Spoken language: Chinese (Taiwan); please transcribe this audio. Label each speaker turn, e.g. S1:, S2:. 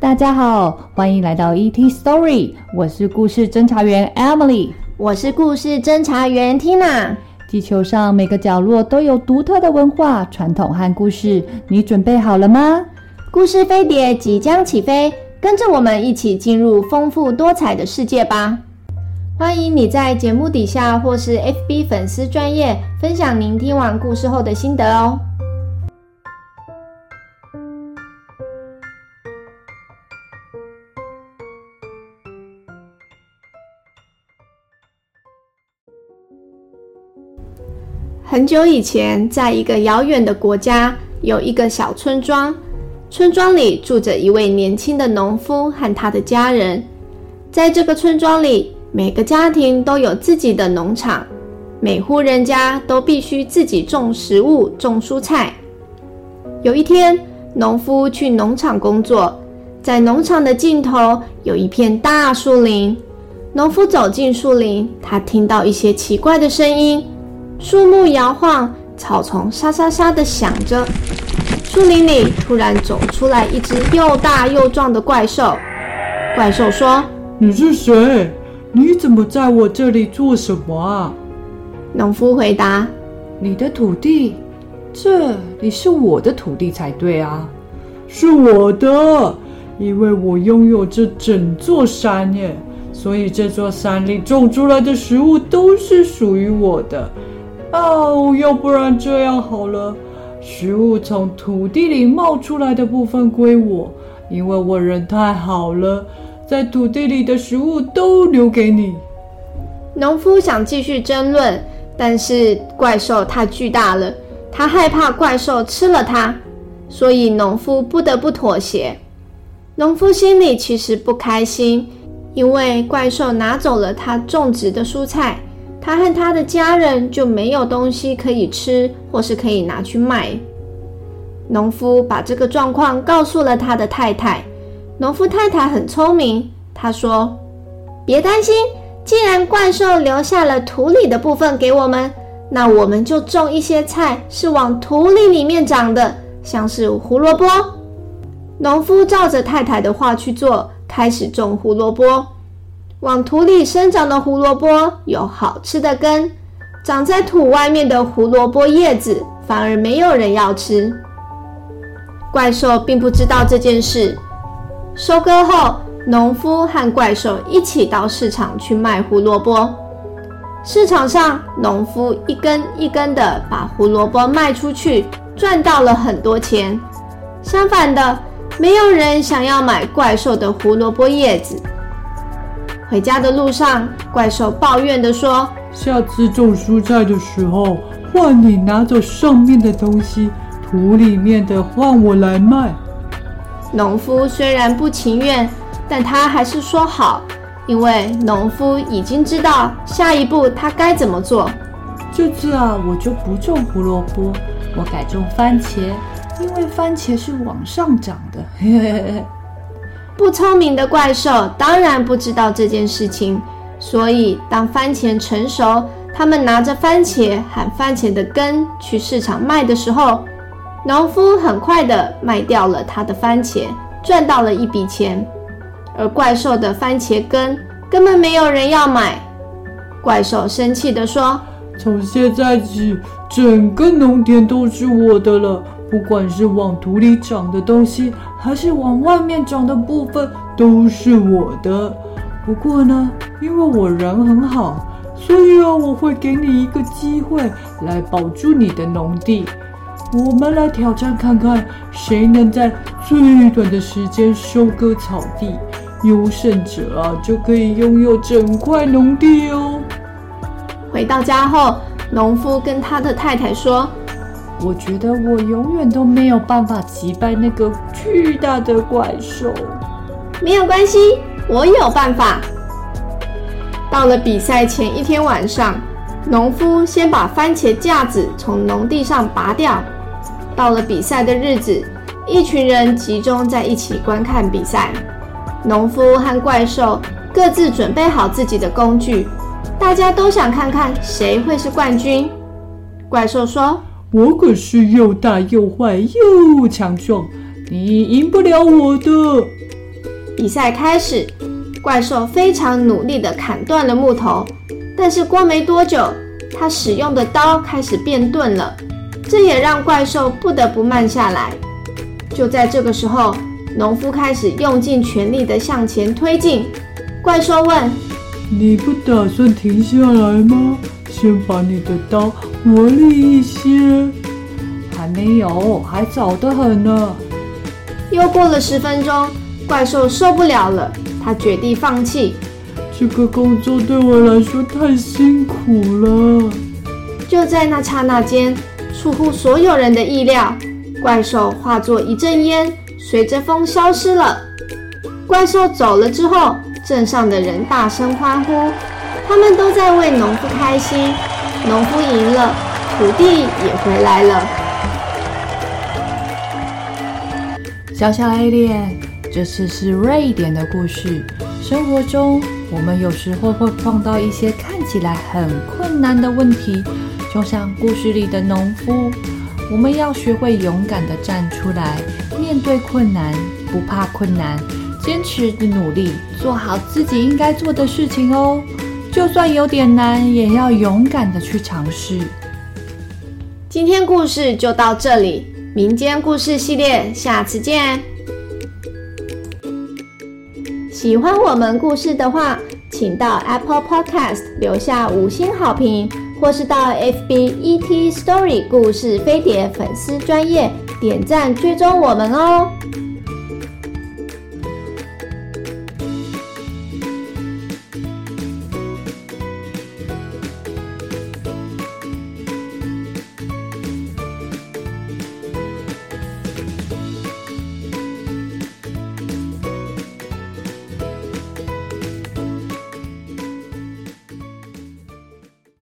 S1: 大家好，歡迎來到 ET Story，我是故事偵查員 Emily，我是故事偵查員 Tina。地球上每個角落都有獨特的文化、傳
S2: 統和故事，你準備好了嗎？故事飛碟即將起飛，跟着我們一起進入豐富多彩的世界吧！歡迎你在節目底下或是 FB 粉絲專頁分享您聽完故事後的心得哦。很久以前，在一個遙遠的國家，有一個小村莊。村莊裡住着一位年輕的農夫和他的家人。在這個村莊裡，每個家庭都有自己的農場，每戶人家都必須自己種食物、種蔬菜。有一天，農夫去農場工作，在農場的盡頭有一片大樹林。農夫走進樹林，他聽到一些奇怪的聲音。樹木搖晃，草叢沙沙沙的響着。樹林裡突然走出來一隻又大又壯的怪獸。怪獸說：“
S3: 你是誰？你怎麼在我這裡做什麼啊？”農夫回答：“你的土地，這裡是我的土地才對啊。是我的，因為我擁有這整座山耶，所以這座山裡種出來的食物都是屬於我的。”哦，要不然這樣好了，食物從土地裡冒出來的部分歸我，因為我人太
S2: 好了，在土地裡的食物都留給你。農夫想繼續爭論，但是怪獸太巨大了，他害怕怪獸吃了他，所以農夫不得不妥協。農夫心裡其實不開心，因為怪獸拿走了他種植的蔬菜。他和他的家人就沒有東西可以吃，或是可以拿去賣。農夫把這個狀況告訴了他的太太。農夫太太很聰明，她說：“別擔心，既然怪獸留下了土裡的部分給我們，那我們就種一些菜，是往土裡裡面長的，像是胡蘿蔔。”農夫照着太太的話去做，開始種胡蘿蔔。往土裡生長的胡蘿蔔有好吃的根，長在土外面的胡蘿蔔葉子反而沒有人要吃。怪獸並不知道這件事。收割後，農夫和怪獸一起到市場去賣胡蘿蔔。市場上，農夫一根一根的把胡蘿蔔賣出去，賺到了很多錢。相反的，沒有人想要買怪獸的胡蘿蔔葉子。回家的路上，怪獸抱怨地說：“下次種蔬菜的時候，換你拿走上面的東西，
S3: 土裡面的換我來賣。”
S2: 農夫雖然不情願，但他還是說好，因為農夫已經知道下一步他該怎麼做。這次啊，我就不種胡蘿蔔，我改種番茄，因為番茄是往上長的。嘿嘿嘿。不聰明的怪獸當然不知道這件事情，所以當番茄成熟，他們拿着番茄和番茄的根去市場賣的時候，農夫很快地賣掉了他的番茄，賺到了一筆錢，而怪獸的番茄根根本沒有人要買。怪獸生氣地說：“從現在起，整個農田都是我的
S3: 了。”不管是往土裡長的東西，還是往外面長的部分，都是我的。不過呢，因為我人很好，所以啊，我會給你一個機會來保住你的農地。我們來挑戰看看，誰能在最短的時間收割草地，優勝者啊就可以擁有整塊農地哦。
S2: 回到家後，農夫跟他的太太說。我覺得我永遠都沒有辦法擊敗那個巨大的怪獸。沒有關係，我有辦法。到了比賽前一天晚上，農夫先把番茄架子從農地上拔掉。到了比賽的日子，一群人集中在一起觀看比賽。農夫和怪獸各自準備好自己的工具，大家都想看看誰會是冠軍。怪獸說。
S3: 我可是又大
S2: 又壞又強壯，你贏不了我的。比賽開始，怪獸非常努力地砍斷了木頭，但是過沒多久，他使用的刀開始變鈍了，這也讓怪獸不得不慢下來。就在這個時候，農夫開始用盡全力地向前推進。怪獸問：“
S3: 你不打算停下來嗎？”先把你的刀磨利一些。還沒
S2: 有，還早得很呢、啊。又過了十分鐘，怪獸受不了了，他決定放棄。這個工作對我來說太辛苦了。就在那剎那間，出乎所有人的意料，怪獸化作一陣煙，隨着風消失了。怪獸走了之後，鎮上的人大聲歡呼。他們都在為農夫開心，農夫贏了，土地也回來了。小小愛麗，這次是瑞
S1: 典的故事。生活中，我們有時候會碰到一些看起來很困難的問題，就像故事裡的農夫。我們要學會勇敢地站出來，面對困難，不怕困難，堅持地努力，做好自己應該做的事情哦。就算有點難，也要勇敢的去嘗試。
S2: 今天故事就到這裡，民間故事系列，下次見。喜歡我們故事的話，請到 Apple Podcast 留下五星好評，或是到 FB ET Story 故事飛碟粉絲專頁點讚追蹤我們哦。